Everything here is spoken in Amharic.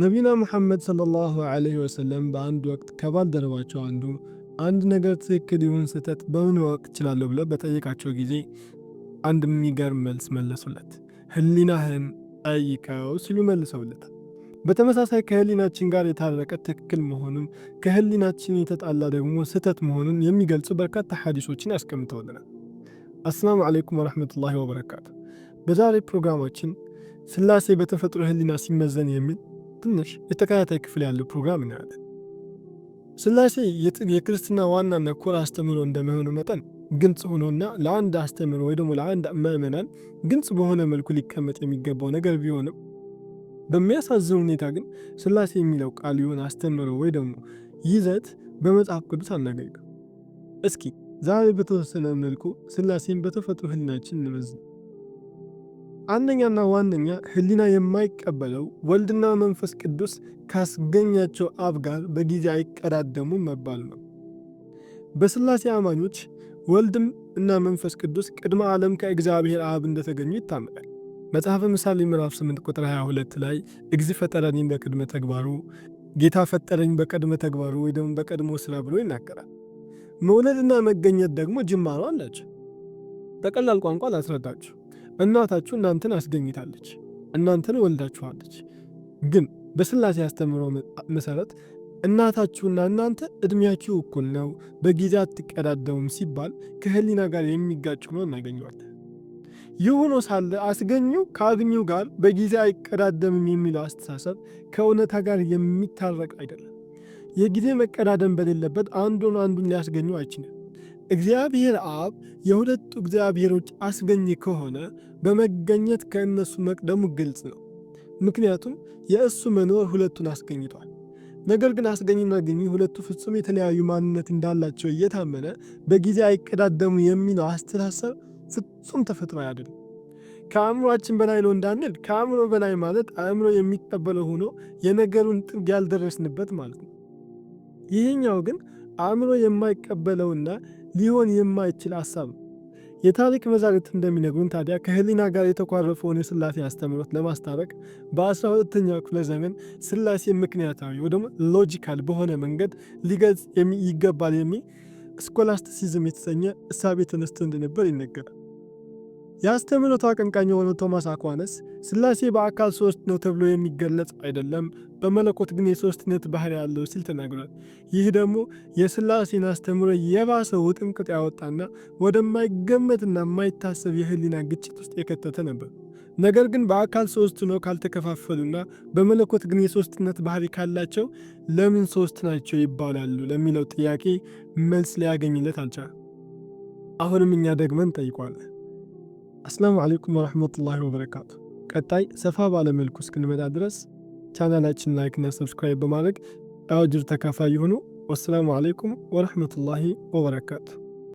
ነቢዩና ሙሐመድ ሰለላሁ ዓለይሂ ወሰለም በአንድ ወቅት ከባልደረባቸው አንዱ አንድ ነገር ትክክል ይሁን ስህተት በምን ወቅት እችላለሁ ብለው በጠየቃቸው ጊዜ አንድ የሚገርም መልስ መለሱለት። ህሊናህን ጠይቀው ሲሉ መልሰውለታል። በተመሳሳይ ከህሊናችን ጋር የታረቀ ትክክል መሆኑን ከህሊናችን የተጣላ ደግሞ ስህተት መሆኑን የሚገልጹ በርካታ ሐዲሶችን ያስቀምጠውልናል። አሰላሙ ዓለይኩም ወረሕመቱላሂ ወበረካቱ። በዛሬ ፕሮግራማችን ስላሴ በተፈጥሮ ህሊና ሲመዘን የሚል ትንሽ የተከታታይ ክፍል ያለው ፕሮግራም እናያለን። ሥላሴ የክርስትና ዋናና ኮር አስተምህሮ እንደመሆኑ መጠን ግልጽ ሆኖና ለአንድ አስተምህሮ ወይ ደግሞ ለአንድ ምዕመናን ግልጽ በሆነ መልኩ ሊቀመጥ የሚገባው ነገር ቢሆንም በሚያሳዝን ሁኔታ ግን ስላሴ የሚለው ቃል ይሁን አስተምህሮ ወይ ደግሞ ይዘት በመጽሐፍ ቅዱስ አናገኝም። እስኪ ዛሬ በተወሰነ መልኩ ስላሴን በተፈጥሮ ህልናችን እንመዝን። አንደኛና ዋነኛ ህሊና የማይቀበለው ወልድና መንፈስ ቅዱስ ካስገኛቸው አብ ጋር በጊዜ አይቀዳደሙ መባል ነው። በስላሴ አማኞች ወልድም እና መንፈስ ቅዱስ ቅድመ ዓለም ከእግዚአብሔር አብ እንደተገኙ ይታመናል። መጽሐፈ ምሳሌ ምዕራፍ 8 ቁጥር 22 ላይ እግዚ ፈጠረኒ በቅድመ ተግባሩ፣ ጌታ ፈጠረኝ በቅድመ ተግባሩ ወይ ደግሞ በቀድሞ ስራ ብሎ ይናገራል። መውለድና መገኘት ደግሞ ጅማሮ አላቸው። በቀላል ቋንቋ ላስረዳችሁ። እናታችሁ እናንተን አስገኝታለች፣ እናንተን ወልዳችኋለች። ግን በስላሴ አስተምሮ መሰረት እናታችሁና እናንተ እድሜያችሁ እኩል ነው፣ በጊዜ አትቀዳደሙም ሲባል ከህሊና ጋር የሚጋጭ ሆኖ እናገኘዋለን። ይህ ሆኖ ሳለ አስገኙ ከአግኙ ጋር በጊዜ አይቀዳደምም የሚለው አስተሳሰብ ከእውነታ ጋር የሚታረቅ አይደለም። የጊዜ መቀዳደም በሌለበት አንዱን አንዱን ሊያስገኙ አይችልም። እግዚአብሔር አብ የሁለቱ እግዚአብሔሮች አስገኝ ከሆነ በመገኘት ከእነሱ መቅደሙ ግልጽ ነው። ምክንያቱም የእሱ መኖር ሁለቱን አስገኝቷል። ነገር ግን አስገኝና ገኚ ሁለቱ ፍጹም የተለያዩ ማንነት እንዳላቸው እየታመነ በጊዜ አይቀዳደሙ የሚለው አስተሳሰብ ፍጹም ተፈጥሮ አይደለም። ከአእምሮአችን በላይ ነው እንዳንል ከአእምሮ በላይ ማለት አእምሮ የሚቀበለው ሆኖ የነገሩን ጥግ ያልደረስንበት ማለት ነው። ይህኛው ግን አእምሮ የማይቀበለውና ሊሆን የማይችል ሀሳብ ነው። የታሪክ መዛግብት እንደሚነግሩን ታዲያ ከህሊና ጋር የተኳረፈውን የስላሴ አስተምሮት ለማስታረቅ በ12ኛው ክፍለ ዘመን ስላሴ ምክንያታዊ ወይ ደግሞ ሎጂካል በሆነ መንገድ ሊገልጽ ይገባል የሚል ስኮላስቲሲዝም የተሰኘ እሳቤ ተነስቶ እንደነበር ይነገራል። የአስተምህሮቱ አቀንቃኝ የሆነው ቶማስ አኳነስ ስላሴ በአካል ሶስት ነው ተብሎ የሚገለጽ አይደለም፣ በመለኮት ግን የሶስትነት ባህሪ ያለው ሲል ተናግሯል። ይህ ደግሞ የስላሴን አስተምህሮ የባሰ ውጥንቅጥ ያወጣና ወደማይገመትና የማይታሰብ የህሊና ግጭት ውስጥ የከተተ ነበር። ነገር ግን በአካል ሶስት ነው ካልተከፋፈሉና በመለኮት ግን የሶስትነት ባህሪ ካላቸው ለምን ሶስት ናቸው ይባላሉ ለሚለው ጥያቄ መልስ ሊያገኝለት አልቻለም። አሁንም እኛ ደግመን ጠይቋለን። አሰላሙ አለይኩም ወረህመቱላሂ ወበረካቱ። ቀጣይ ሰፋ ባለመልኩ እስክንመጣ ድረስ ቻናላችን ላይክና ሰብስክራይብ በማድረግ አጅር ተካፋይ የሆኑ። ወሰላሙ አለይኩም ወረህመቱላሂ ወበረካቱ።